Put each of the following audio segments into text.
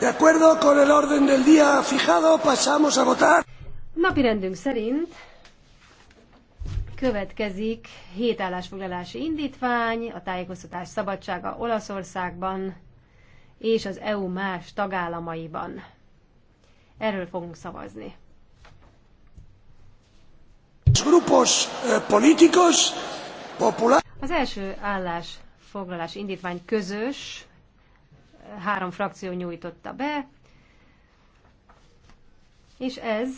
De acuerdo con el orden del día fijado, pasamos a votar. Napirendünk szerint következik hét állásfoglalási indítvány, a tájékoztatás szabadsága Olaszországban és az EU más tagállamaiban. Erről fogunk szavazni. Eh, az első állásfoglalás indítvány közös három frakció nyújtotta be, és ez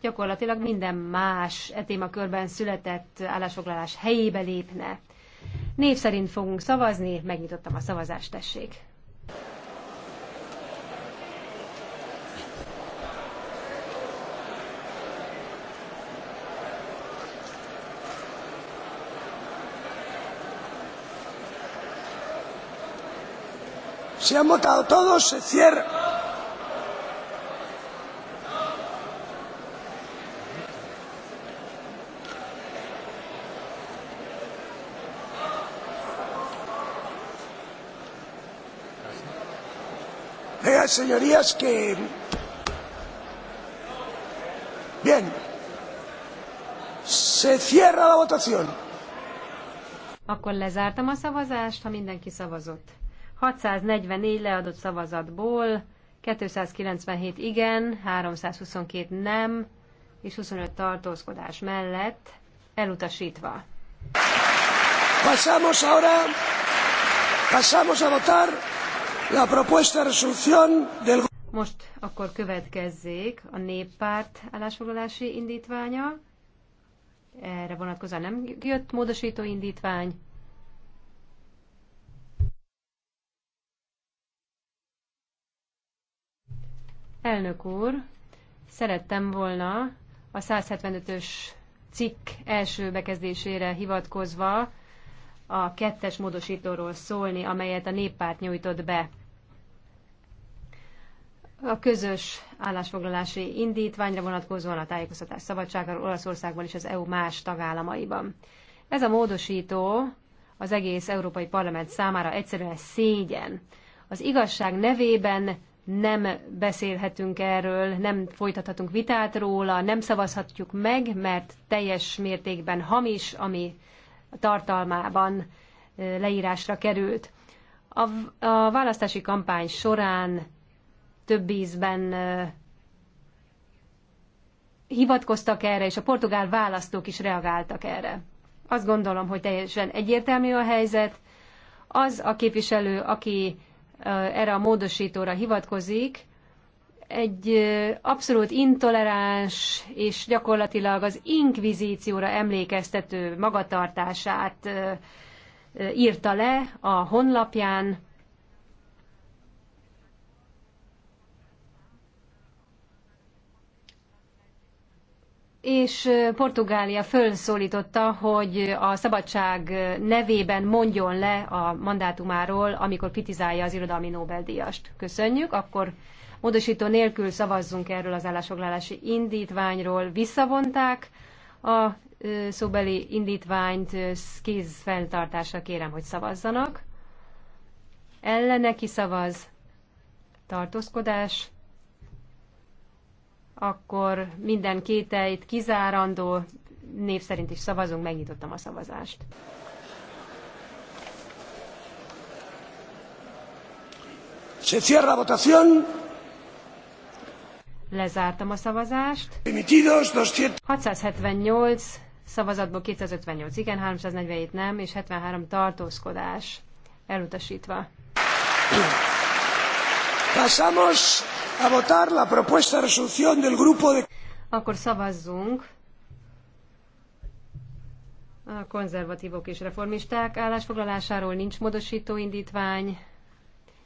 gyakorlatilag minden más e témakörben született állásfoglalás helyébe lépne. Név szerint fogunk szavazni, megnyitottam a szavazást, tessék. Si han votado todos, se cierra. Vean, señorías, que... Bien. Se cierra la votación. Akkor lezártam a szavazást, ha mindenki szavazott. 644 leadott szavazatból 297 igen, 322 nem és 25 tartózkodás mellett elutasítva. Pasamos ahora, pasamos a votar la propuesta de resolución del... Most akkor következzék a néppárt állásfoglalási indítványa. Erre vonatkozóan nem jött módosító indítvány. Elnök úr, szerettem volna a 175-ös cikk első bekezdésére hivatkozva a kettes módosítóról szólni, amelyet a néppárt nyújtott be. A közös állásfoglalási indítványra vonatkozóan a tájékoztatás szabadságáról Olaszországban és az EU más tagállamaiban. Ez a módosító az egész Európai Parlament számára egyszerűen szégyen. Az igazság nevében nem beszélhetünk erről, nem folytathatunk vitát róla, nem szavazhatjuk meg, mert teljes mértékben hamis, ami tartalmában leírásra került. A, a választási kampány során több ízben hivatkoztak erre, és a portugál választók is reagáltak erre. Azt gondolom, hogy teljesen egyértelmű a helyzet. Az a képviselő, aki erre a módosítóra hivatkozik, egy abszolút intoleráns és gyakorlatilag az inkvizícióra emlékeztető magatartását írta le a honlapján, és Portugália fölszólította, hogy a szabadság nevében mondjon le a mandátumáról, amikor kritizálja az irodalmi Nobel-díjast. Köszönjük, akkor módosító nélkül szavazzunk erről az állásfoglalási indítványról. Visszavonták a szóbeli indítványt, kéz feltartásra kérem, hogy szavazzanak. Ellene kiszavaz tartózkodás, akkor minden kételyt kizárandó név szerint is szavazunk, megnyitottam a szavazást. Se cierra votación. Lezártam a szavazást. 678 szavazatból 258 igen, 347 nem, és 73 tartózkodás elutasítva. Passamos a Akkor szavazzunk a konzervatívok és reformisták állásfoglalásáról nincs módosító indítvány.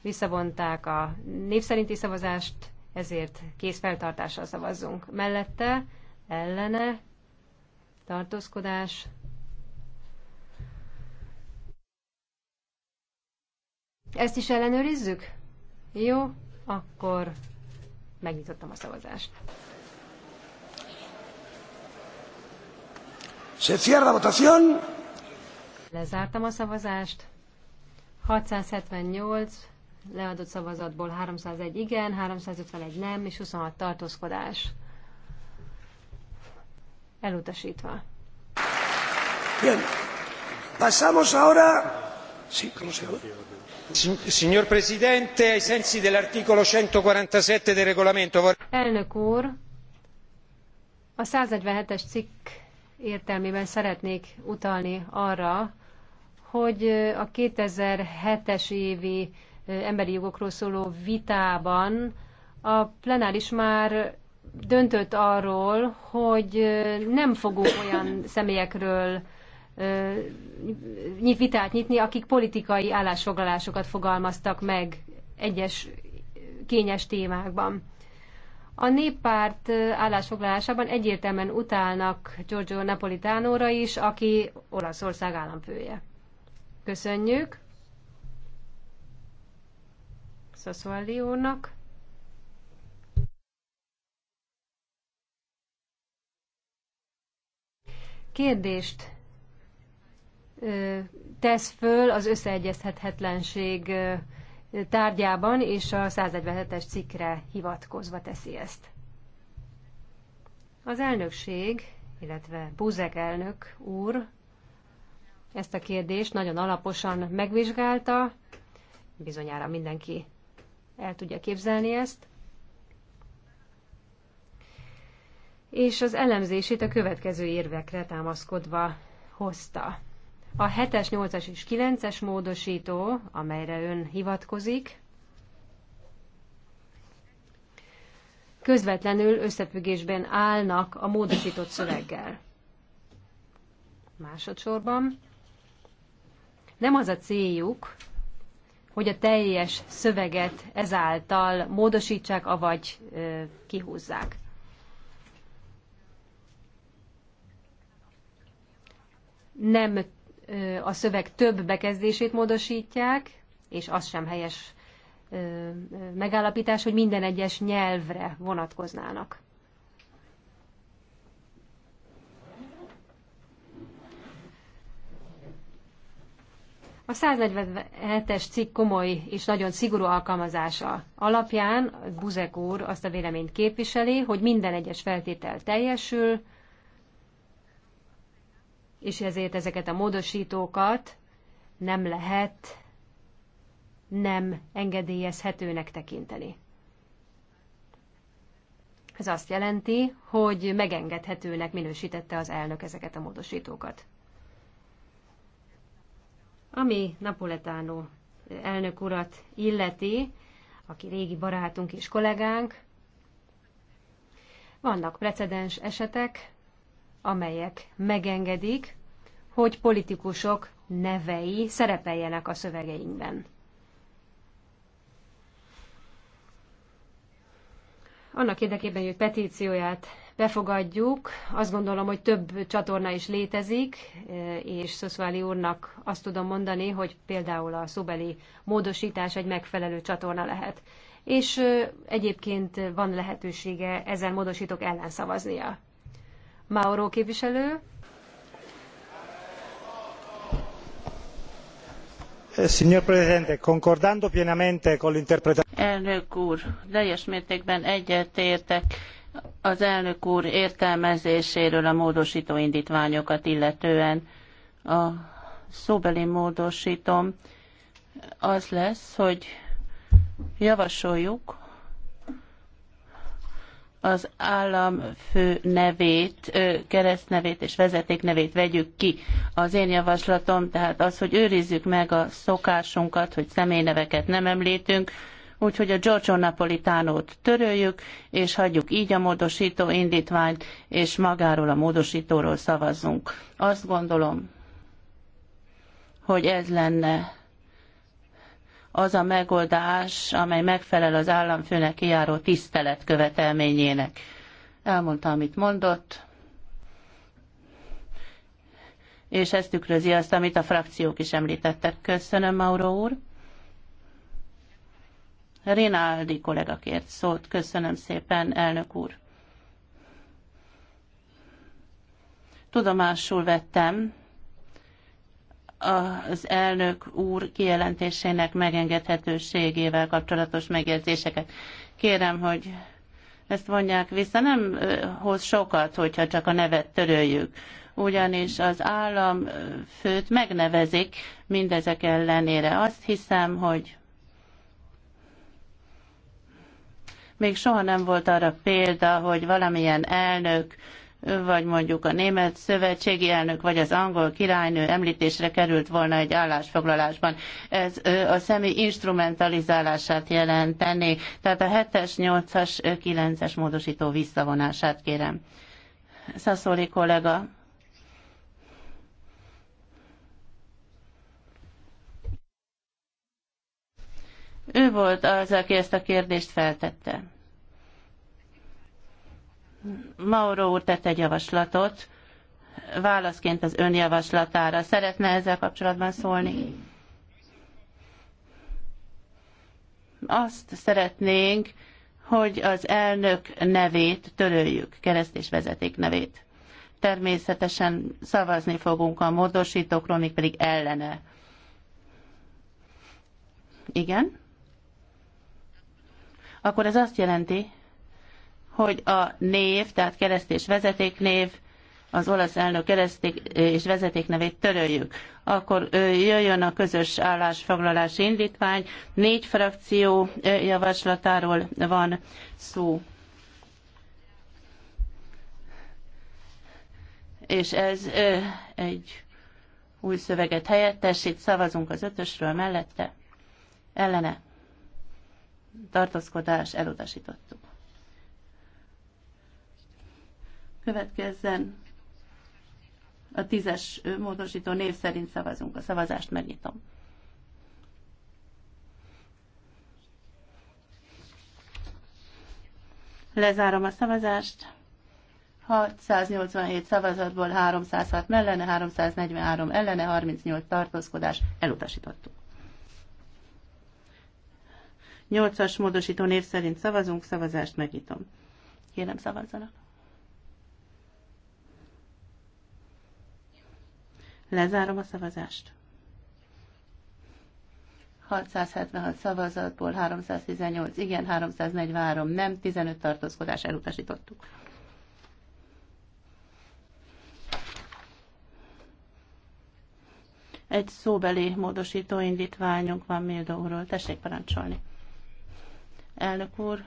Visszavonták a népszerinti szavazást, ezért feltartással szavazzunk. Mellette, ellene, tartózkodás. Ezt is ellenőrizzük? Jó, akkor Megnyitottam a szavazást. Se cierra votación. Lezártam a szavazást. 678 leadott szavazatból 301 igen, 351 nem és 26 tartózkodás. Elutasítva. Bien. Pasamos ahora... Sí, ¿cómo se llama? signor presidente ai sensi dell'articolo centoquarantasette del regolamento. elnök úr a one hundred and forty seven es cikk értelmében szeretnék utalni arra hogy a two thousand and seven es évi emberi jogokról szóló vitában a plenáris már döntött arról hogy nem fogunk olyan személyekről nyit, vitát nyitni, akik politikai állásfoglalásokat fogalmaztak meg egyes kényes témákban. A néppárt állásfoglalásában egyértelműen utálnak Giorgio Napolitánóra is, aki Olaszország államfője. Köszönjük Szaszolli úrnak. Kérdést tesz föl az összeegyezhetetlenség tárgyában, és a 147-es cikkre hivatkozva teszi ezt. Az elnökség, illetve Buzek elnök úr ezt a kérdést nagyon alaposan megvizsgálta, bizonyára mindenki el tudja képzelni ezt, és az elemzését a következő érvekre támaszkodva hozta. A 7-es, 8-as és 9-es módosító, amelyre ön hivatkozik, közvetlenül összefüggésben állnak a módosított szöveggel. Másodszorban nem az a céljuk, hogy a teljes szöveget ezáltal módosítsák, avagy ö, kihúzzák. Nem a szöveg több bekezdését módosítják, és az sem helyes megállapítás, hogy minden egyes nyelvre vonatkoznának. A 147-es cikk komoly és nagyon szigorú alkalmazása alapján Buzek úr azt a véleményt képviseli, hogy minden egyes feltétel teljesül, és ezért ezeket a módosítókat nem lehet nem engedélyezhetőnek tekinteni. Ez azt jelenti, hogy megengedhetőnek minősítette az elnök ezeket a módosítókat. Ami Napoletánó elnök urat illeti, aki régi barátunk és kollégánk, vannak precedens esetek, amelyek megengedik, hogy politikusok nevei szerepeljenek a szövegeinkben. Annak érdekében, hogy petícióját befogadjuk, azt gondolom, hogy több csatorna is létezik, és Szoszváli úrnak azt tudom mondani, hogy például a szóbeli módosítás egy megfelelő csatorna lehet. És egyébként van lehetősége ezen módosítók ellen szavaznia. Mauro képviselő. Eh, signor Presidente, concordando pienamente con l'interpretazione... Elnök úr, teljes mértékben egyetértek az elnök úr értelmezéséről a módosító indítványokat illetően. A szóbeli módosítom az lesz, hogy javasoljuk, az államfő nevét, keresztnevét és vezetéknevét vegyük ki. Az én javaslatom tehát az, hogy őrizzük meg a szokásunkat, hogy személyneveket nem említünk, úgyhogy a Giorgio Napolitánót töröljük, és hagyjuk így a módosító indítványt, és magáról a módosítóról szavazzunk. Azt gondolom, hogy ez lenne az a megoldás, amely megfelel az államfőnek kijáró tisztelet követelményének. Elmondta, amit mondott, és ez tükrözi azt, amit a frakciók is említettek. Köszönöm, Mauro úr. Rinaldi kollega kért szót. Köszönöm szépen, elnök úr. Tudomásul vettem, az elnök úr kijelentésének megengedhetőségével kapcsolatos megjegyzéseket. Kérem, hogy ezt vonják vissza. Nem hoz sokat, hogyha csak a nevet töröljük ugyanis az állam főt megnevezik mindezek ellenére. Azt hiszem, hogy még soha nem volt arra példa, hogy valamilyen elnök vagy mondjuk a német szövetségi elnök, vagy az angol királynő említésre került volna egy állásfoglalásban. Ez a személy instrumentalizálását jelenteni. Tehát a 7-es, 8-as, 9-es módosító visszavonását kérem. Szaszoli kollega. Ő volt az, aki ezt a kérdést feltette. Mauro úr tett egy javaslatot, válaszként az ön javaslatára. Szeretne ezzel kapcsolatban szólni? Azt szeretnénk, hogy az elnök nevét töröljük, kereszt és vezeték nevét. Természetesen szavazni fogunk a módosítókról, még pedig ellene. Igen? Akkor ez azt jelenti, hogy a név, tehát kereszt és vezetéknév, az olasz elnök kereszték és vezetéknevét töröljük. Akkor jöjjön a közös állásfoglalási indítvány. Négy frakció javaslatáról van szó. És ez egy új szöveget helyettesít. Szavazunk az ötösről mellette. Ellene. Tartózkodás elutasítottuk. Következzen a tízes módosító név szerint szavazunk. A szavazást megnyitom. Lezárom a szavazást. 687 szavazatból 306 mellene, 343 ellene, 38 tartózkodás. Elutasítottuk. 8-as módosító név szerint szavazunk, szavazást megnyitom. Kérem szavazzanak. Lezárom a szavazást. 676 szavazatból 318 igen, 343 nem, 15 tartózkodás elutasítottuk. Egy szóbeli módosító indítványunk van Mildo úrról. Tessék parancsolni. Elnök úr,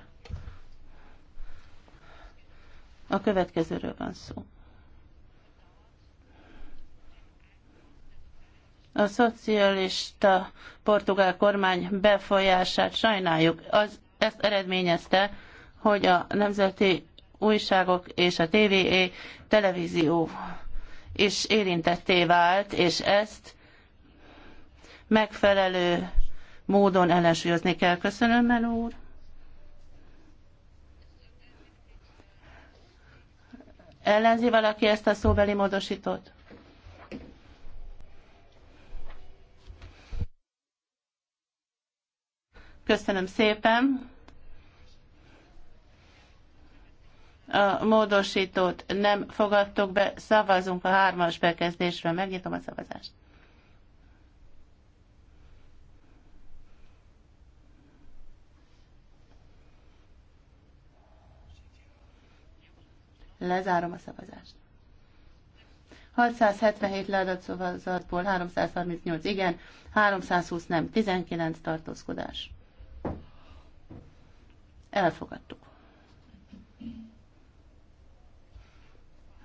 a következőről van szó. a szocialista portugál kormány befolyását sajnáljuk. Az, ezt eredményezte, hogy a nemzeti újságok és a TVE televízió is érintetté vált, és ezt megfelelő módon ellensúlyozni kell. Köszönöm, Menő úr. Ellenzi valaki ezt a szóbeli módosítót? Köszönöm szépen. A módosítót nem fogadtuk be, szavazunk a hármas bekezdésről. Megnyitom a szavazást. Lezárom a szavazást. 677 leadott szavazatból 338 igen, 320 nem, 19 tartózkodás. Elfogadtuk.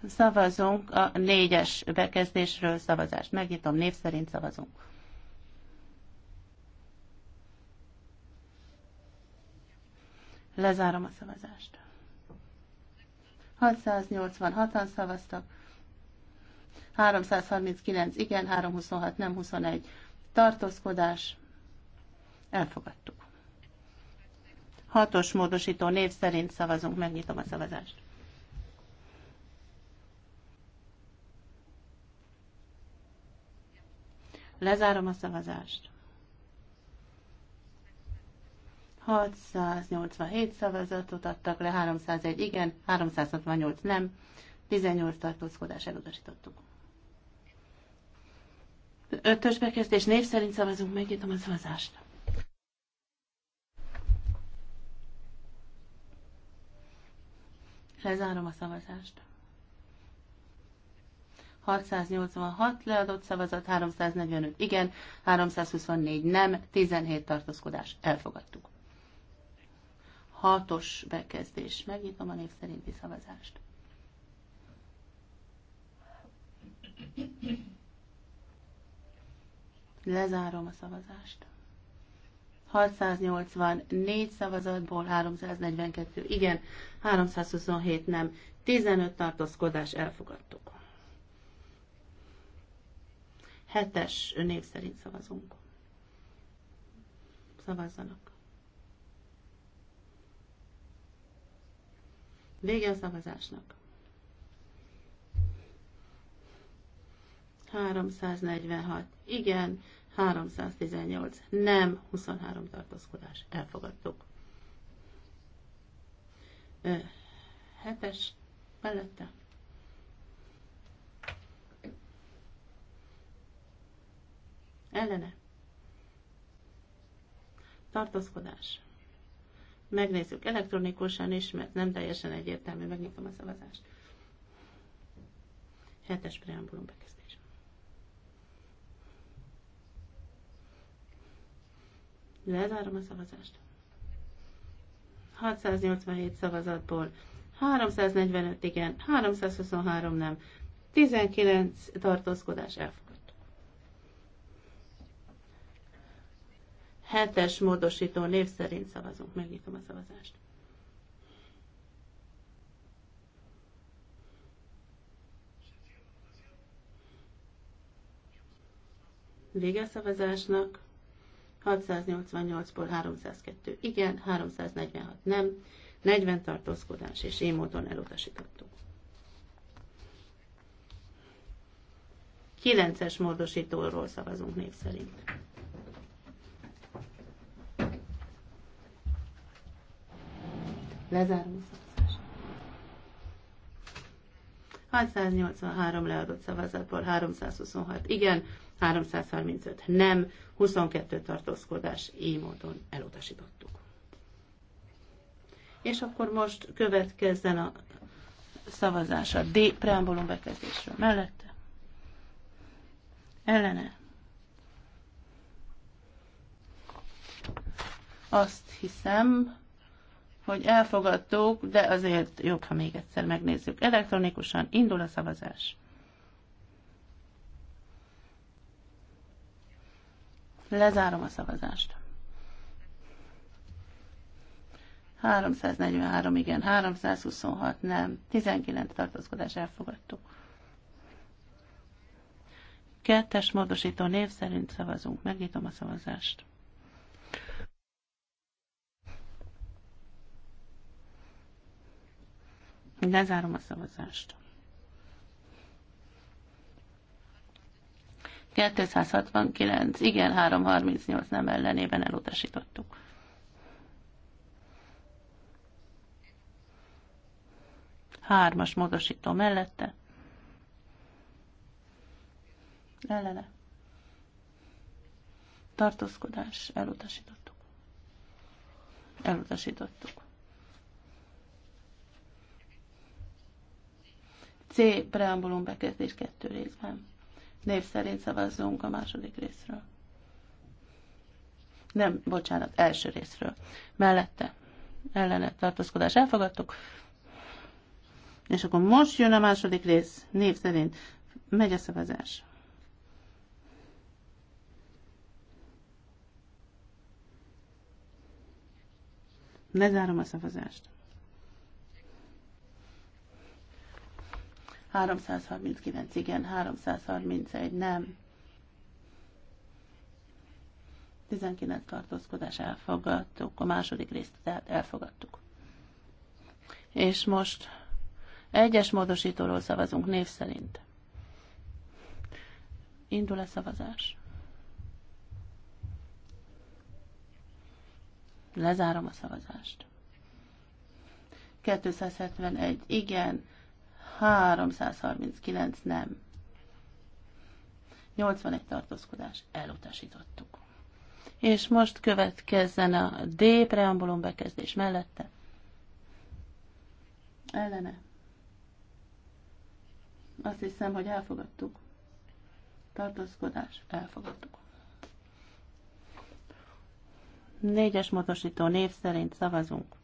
Szavazunk a négyes bekezdésről szavazást. Megnyitom, név szerint szavazunk. Lezárom a szavazást. 686-an szavaztak, 339 igen, 326 nem, 21 tartózkodás. Elfogadtuk. Hatos módosító név szerint szavazunk, megnyitom a szavazást. Lezárom a szavazást. 687 szavazatot adtak le, 301 igen, 368 nem, 18 tartózkodás elutasítottuk. Ötös bekezdés név szerint szavazunk, megnyitom a szavazást. Lezárom a szavazást. 686 leadott szavazat, 345 igen, 324 nem, 17 tartózkodás. Elfogadtuk. Hatos bekezdés. Megnyitom a név szerinti szavazást. Lezárom a szavazást. 684 szavazatból 342 igen, 327 nem, 15 tartózkodás elfogadtuk. Hetes név szerint szavazunk. Szavazzanak. Vége a szavazásnak. 346. Igen, 318, nem 23 tartózkodás, elfogadtuk. Ö, hetes mellette. Ellene. Tartózkodás. Megnézzük elektronikusan is, mert nem teljesen egyértelmű. Megnyitom a szavazást. Hetes preambulum bekezdés. Lezárom a szavazást. 687 szavazatból 345 igen, 323 nem, 19 tartózkodás elfogadt. Hetes módosító név szerint szavazunk. Megnyitom a szavazást. Vége a szavazásnak. 688-ból 302 igen, 346 nem, 40 tartózkodás, és én módon elutasítottuk. 9-es módosítóról szavazunk név szerint. Lezárom a szavazást. 683 leadott szavazatból 326 igen, 335 nem, 22 tartózkodás, így módon elutasítottuk. És akkor most következzen a szavazás a D preambulum bekezdésről mellette. Ellene. Azt hiszem, hogy elfogadtuk, de azért jobb, ha még egyszer megnézzük. Elektronikusan indul a szavazás. Lezárom a szavazást. 343 igen, 326 nem, 19 tartózkodás elfogadtuk. Kettes módosító név szerint szavazunk. Megnyitom a szavazást. Lezárom a szavazást. 269, igen, 338 nem ellenében elutasítottuk. Hármas módosító mellette. Ellene. Tartózkodás elutasítottuk. Elutasítottuk. C. Preambulum bekezdés kettő részben Név szerint szavazzunk a második részről. Nem, bocsánat, első részről. Mellette ellene tartózkodás elfogadtuk. És akkor most jön a második rész, név szerint megy a szavazás. Lezárom a szavazást. 339 igen, 331 nem. 19 tartózkodás elfogadtuk, a második részt tehát elfogadtuk. És most egyes módosítóról szavazunk név szerint. Indul a szavazás. Lezárom a szavazást. 271 igen, 339 nem. 81 tartózkodás elutasítottuk. És most következzen a D preambulum bekezdés mellette. Ellene. Azt hiszem, hogy elfogadtuk. Tartózkodás elfogadtuk. Négyes módosító név szerint szavazunk.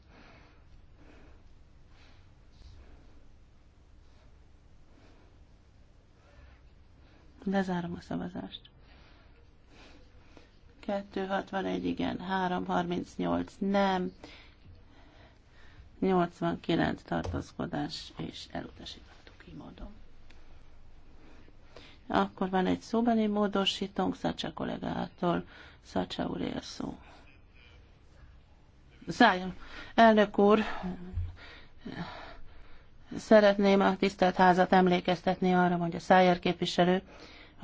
Lezárom a szavazást. 261 igen, 338 nem, 89 tartózkodás, és elutasítottuk így mondom. Akkor van egy szóbeli módosítónk Szacsa kollégától. Szacsa úr él szó. Szálljon! Elnök úr, szeretném a tisztelt házat emlékeztetni arra, hogy a Szájer képviselő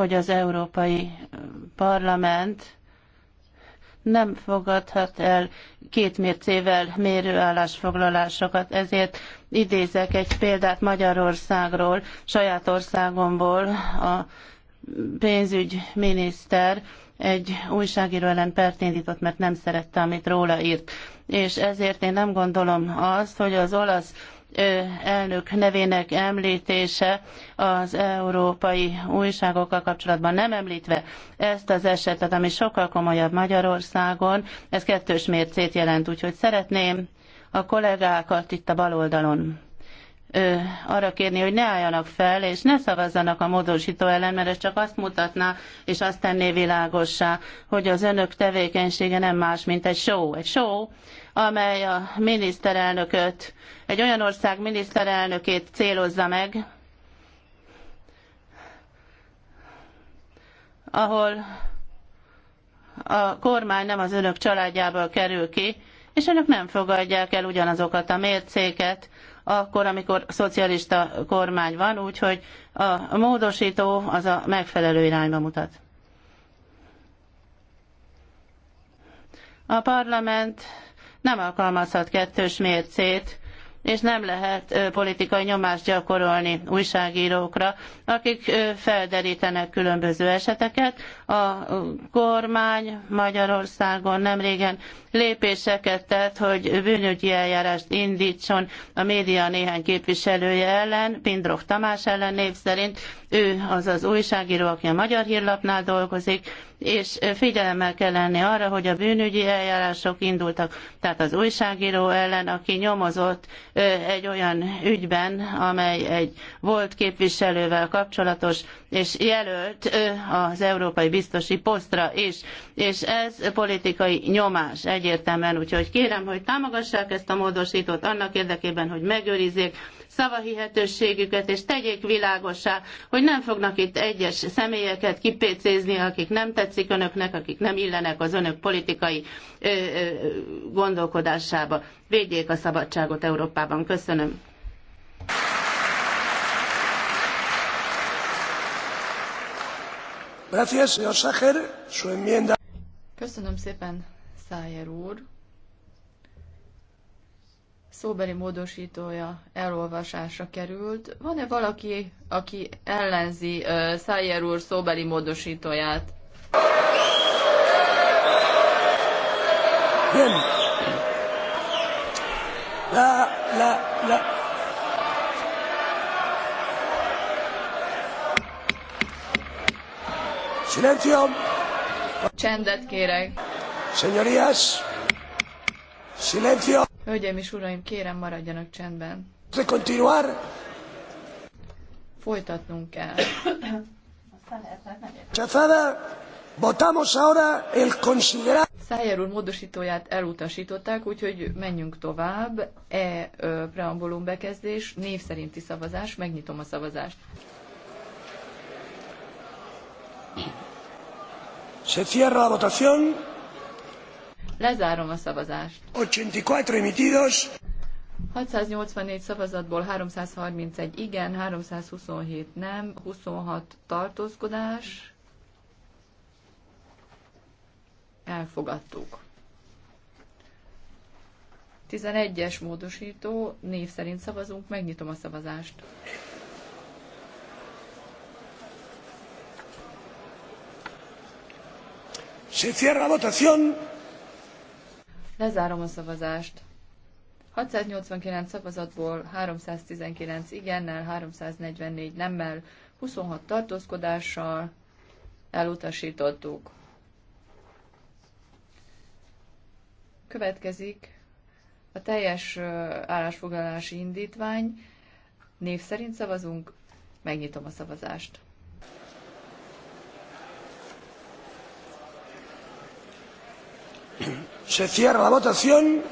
hogy az Európai Parlament nem fogadhat el két mércével mérő állásfoglalásokat. Ezért idézek egy példát Magyarországról, saját országomból a pénzügyminiszter egy újságíró ellen pert indított, mert nem szerette, amit róla írt. És ezért én nem gondolom azt, hogy az olasz elnök nevének említése az európai újságokkal kapcsolatban nem említve ezt az esetet, ami sokkal komolyabb Magyarországon, ez kettős mércét jelent, úgyhogy szeretném a kollégákat itt a bal oldalon arra kérni, hogy ne álljanak fel, és ne szavazzanak a módosító ellen, mert ez csak azt mutatná, és azt tenné világossá, hogy az önök tevékenysége nem más, mint egy show. Egy show, amely a miniszterelnököt, egy olyan ország miniszterelnökét célozza meg, ahol a kormány nem az önök családjából kerül ki, és önök nem fogadják el ugyanazokat a mércéket, akkor, amikor szocialista kormány van, úgyhogy a módosító az a megfelelő irányba mutat. A parlament nem alkalmazhat kettős mércét, és nem lehet politikai nyomást gyakorolni újságírókra, akik felderítenek különböző eseteket. A kormány Magyarországon nemrégen lépéseket tett, hogy bűnügyi eljárást indítson a média néhány képviselője ellen, Pindrok Tamás ellen név szerint, ő az az újságíró, aki a Magyar Hírlapnál dolgozik, és figyelemmel kell lenni arra, hogy a bűnügyi eljárások indultak, tehát az újságíró ellen, aki nyomozott egy olyan ügyben, amely egy volt képviselővel kapcsolatos, és jelölt az európai biztosi posztra is, és ez politikai nyomás egyértelműen, úgyhogy kérem, hogy támogassák ezt a módosítót annak érdekében, hogy megőrizzék szavahihetőségüket, és tegyék világossá, hogy nem fognak itt egyes személyeket kipécézni, akik nem tetszik önöknek, akik nem illenek az önök politikai ö, ö, gondolkodásába. Védjék a szabadságot Európában. Köszönöm. Köszönöm szépen, Szájer úr szóbeli módosítója elolvasásra került. Van-e valaki, aki ellenzi uh, Szájer úr szóbeli módosítóját? Bien. La, la, la. Silencio. Csendet kérek. Señorías. Silencio. Hölgyeim és uraim, kérem maradjanak csendben. Folytatnunk kell. Chazada, botamos ahora el considerar. Szájer úr módosítóját elutasították, úgyhogy menjünk tovább. E preambulum bekezdés, név szerinti szavazás, megnyitom a szavazást. Se cierra la votación. Lezárom a szavazást. 684 szavazatból 331 igen, 327 nem, 26 tartózkodás. Elfogadtuk. 11-es módosító, név szerint szavazunk, megnyitom a szavazást. Se cierra votación. Lezárom a szavazást. 689 szavazatból 319 igennel, 344 nemmel, 26 tartózkodással elutasítottuk. Következik a teljes állásfoglalási indítvány. Név szerint szavazunk, megnyitom a szavazást. Se cierra la votación.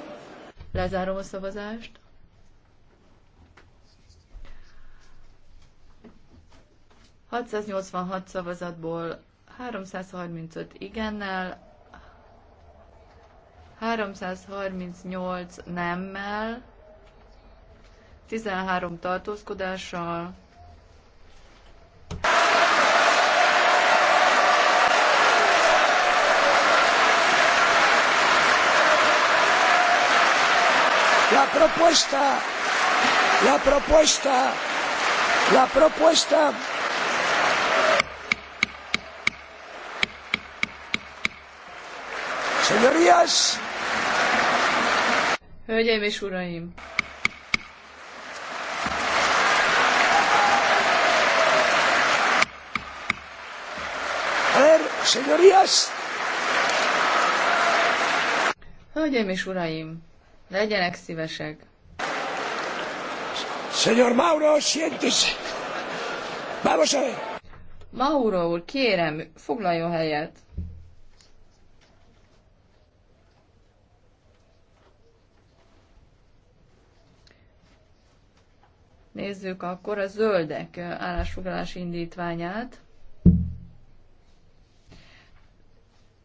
Lezárom a szavazást. ...686 szavazatból 335 igennel, 338 nemmel, 13 tartózkodással, propuesta, la propuesta, la propuesta. Señorías. Hölgyeim és uraim! señorías. Hölgyeim és uraim! Legyenek szívesek. Señor Mauro, siéntese. Vamos a ver. Mauro úr, kérem, foglaljon helyet. Nézzük akkor a zöldek állásfoglalás indítványát.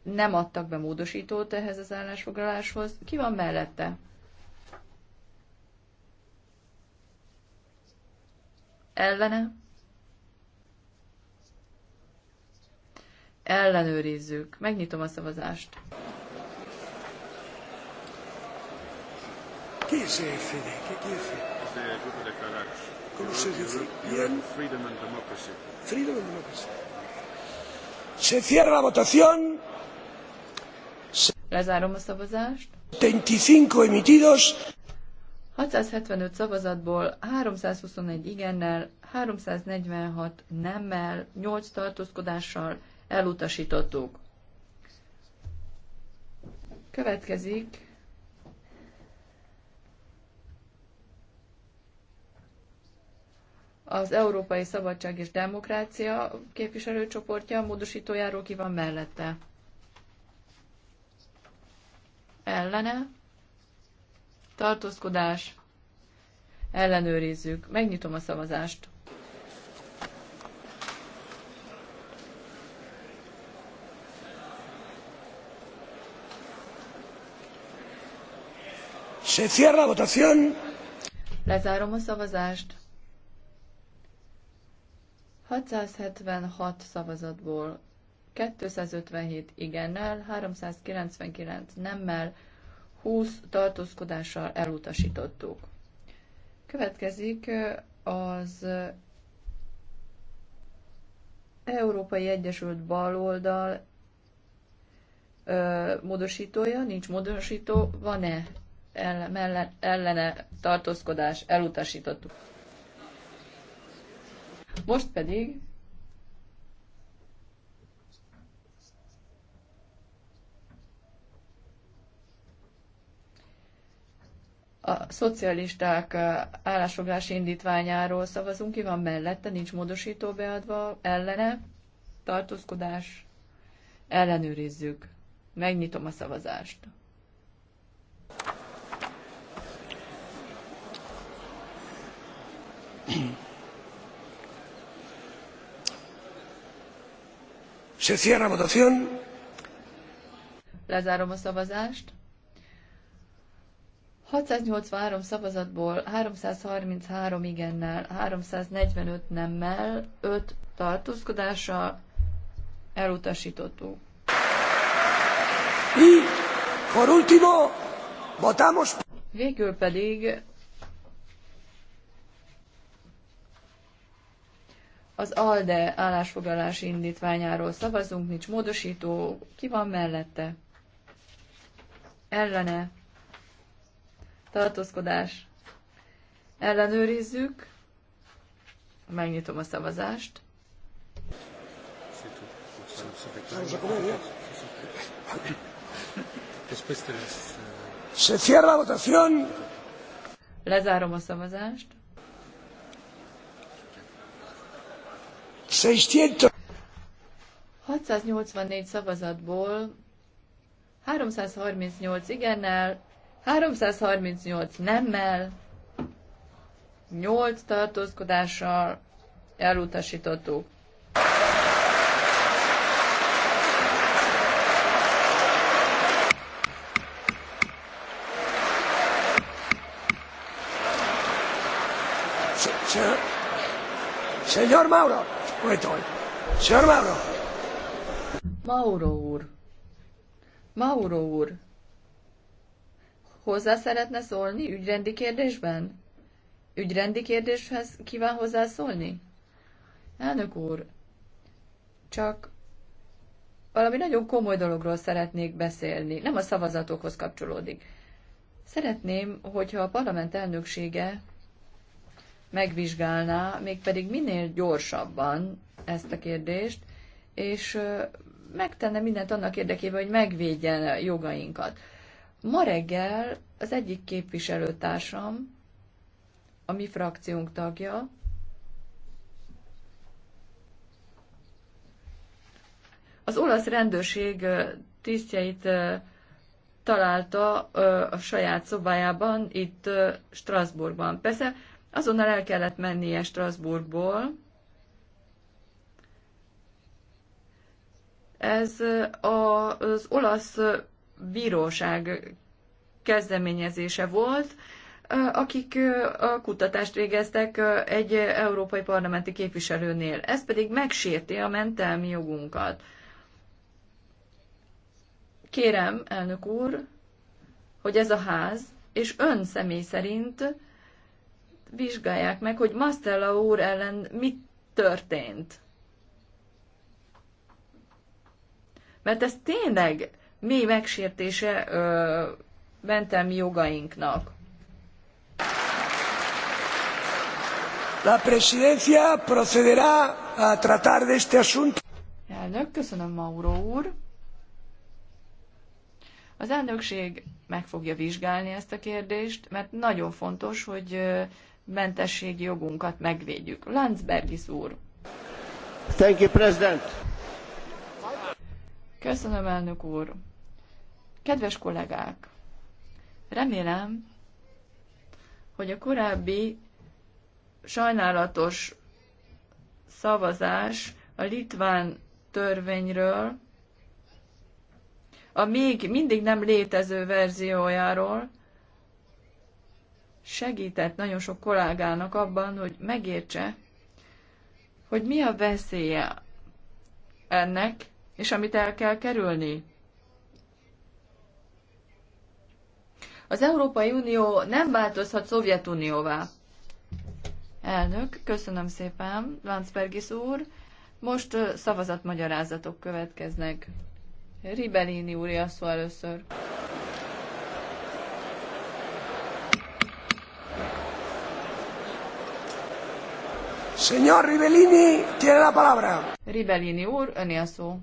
Nem adtak be módosítót ehhez az állásfoglaláshoz. Ki van mellette? ellene. Ellenőrizzük. Megnyitom a szavazást. Freedom and democracy. Se cierra la votación. Lezárom a szavazást. 25 emitidos. 675 szavazatból 321 igennel, 346 nemmel, 8 tartózkodással elutasítottuk. Következik az Európai Szabadság és Demokrácia képviselőcsoportja, módosítójáról ki van mellette. Ellene? tartózkodás, ellenőrizzük. Megnyitom a szavazást. Se cierra votación. Lezárom a szavazást. 676 szavazatból 257 igennel, 399 nemmel, 20 tartózkodással elutasítottuk. Következik az Európai Egyesült Baloldal módosítója, nincs módosító, van-e ellene tartózkodás, elutasítottuk. Most pedig a szocialisták állásfoglalási indítványáról szavazunk, ki van mellette, nincs módosító beadva, ellene, tartózkodás, ellenőrizzük. Megnyitom a szavazást. Se cierra votación. Lezárom a szavazást. 683 szavazatból 333 igennel, 345 nemmel, 5 tartózkodással elutasítottuk. por último, votamos... Végül pedig az ALDE állásfoglalási indítványáról szavazunk, nincs módosító, ki van mellette? Ellene? tartózkodás. Ellenőrizzük. Megnyitom a szavazást. Se cierra la votación. Lezárom a szavazást. 684 szavazatból 338 igennel, 338 nemmel, 8 tartózkodással elutasítottuk. Señor Mauro, Señor Mauro. Mauro úr. Mauro úr. Hozzá szeretne szólni ügyrendi kérdésben? Ügyrendi kérdéshez kíván hozzászólni? Elnök úr, csak valami nagyon komoly dologról szeretnék beszélni. Nem a szavazatokhoz kapcsolódik. Szeretném, hogyha a parlament elnöksége megvizsgálná, mégpedig minél gyorsabban ezt a kérdést, és megtenne mindent annak érdekében, hogy megvédjen jogainkat. Ma reggel az egyik képviselőtársam, a mi frakciónk tagja, az olasz rendőrség tisztjeit találta a saját szobájában itt Strasbourgban. Persze azonnal el kellett mennie Strasbourgból. Ez az olasz bíróság kezdeményezése volt, akik a kutatást végeztek egy európai parlamenti képviselőnél. Ez pedig megsérti a mentelmi jogunkat. Kérem, elnök úr, hogy ez a ház és ön személy szerint vizsgálják meg, hogy Mastella úr ellen mit történt. Mert ez tényleg mély megsértése ö, mentelmi jogainknak. La presidencia procederá a tratar de este asunto. Elnök, köszönöm Mauro úr. Az elnökség meg fogja vizsgálni ezt a kérdést, mert nagyon fontos, hogy mentesség jogunkat megvédjük. Landsbergis úr. Thank you, President. Köszönöm, elnök úr. Kedves kollégák, remélem, hogy a korábbi sajnálatos szavazás a litván törvényről, a még mindig nem létező verziójáról segített nagyon sok kollégának abban, hogy megértse, hogy mi a veszélye ennek, és amit el kell kerülni. Az Európai Unió nem változhat Szovjetunióvá. Elnök, köszönöm szépen, Lanzbergis úr. Most szavazatmagyarázatok következnek. Ribelini úr a szó először. Señor Ribelini, tiene la palabra. Ribelini úr, öné a szó.